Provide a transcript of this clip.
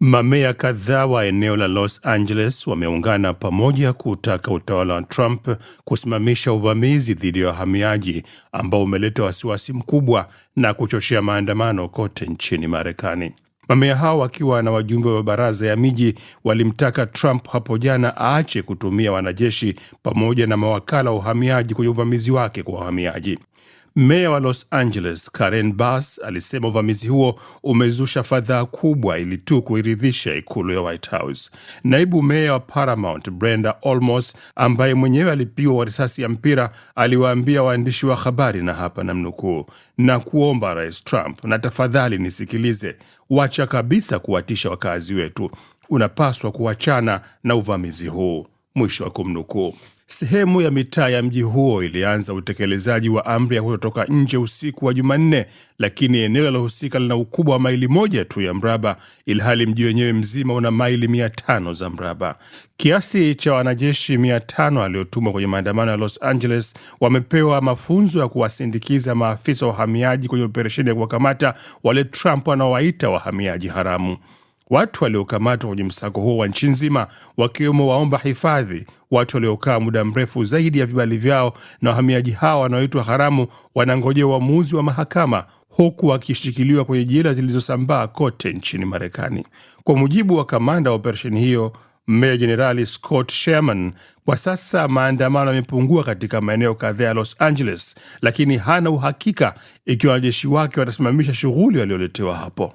mamea kadhaa wa eneo la Los Angeles wameungana pamoja kutaka utawala wa Trump kusimamisha uvamizi dhidi ya wahamiaji ambao umeleta wasiwasi mkubwa na kuchochea maandamano kote nchini Marekani. mamea hao wakiwa na wajumbe wa mabaraza ya miji walimtaka Trump hapo jana aache kutumia wanajeshi pamoja na mawakala wa uhamiaji kwenye uvamizi wake kwa wahamiaji. Meya wa Los Angeles Karen Bass alisema uvamizi huo umezusha fadhaa kubwa ili tu kuiridhisha ikulu ya White House. Naibu meya wa Paramount Brenda Olmos, ambaye mwenyewe alipigwa kwa risasi ya mpira, aliwaambia waandishi wa habari, na hapa namnukuu, na kuomba Rais Trump, na tafadhali nisikilize, wacha kabisa kuwatisha wakazi wetu, unapaswa kuachana na uvamizi huu. Mwisho wa kumnukuu. Sehemu ya mitaa ya mji huo ilianza utekelezaji wa amri ya kutotoka nje usiku wa Jumanne, lakini eneo linalohusika lina ukubwa wa maili moja tu ya mraba, ilhali mji wenyewe mzima una maili mia tano za mraba. Kiasi cha wanajeshi mia tano waliotumwa kwenye maandamano ya Los Angeles wamepewa mafunzo ya kuwasindikiza maafisa wa uhamiaji kwenye operesheni ya kuwakamata wale Trump anawaita wahamiaji haramu. Watu waliokamatwa kwenye msako huo wa nchi nzima wakiwemo waomba hifadhi, watu waliokaa muda mrefu zaidi ya vibali vyao, na wahamiaji hawa wanaoitwa haramu wanangojea uamuzi wa, wa mahakama huku wakishikiliwa kwenye jela zilizosambaa kote nchini Marekani. Kwa mujibu wa kamanda wa operesheni hiyo Meya Jenerali Scott Sherman, kwa sasa maandamano yamepungua katika maeneo kadhaa ya Los Angeles, lakini hana uhakika ikiwa wanajeshi wake watasimamisha shughuli walioletewa hapo.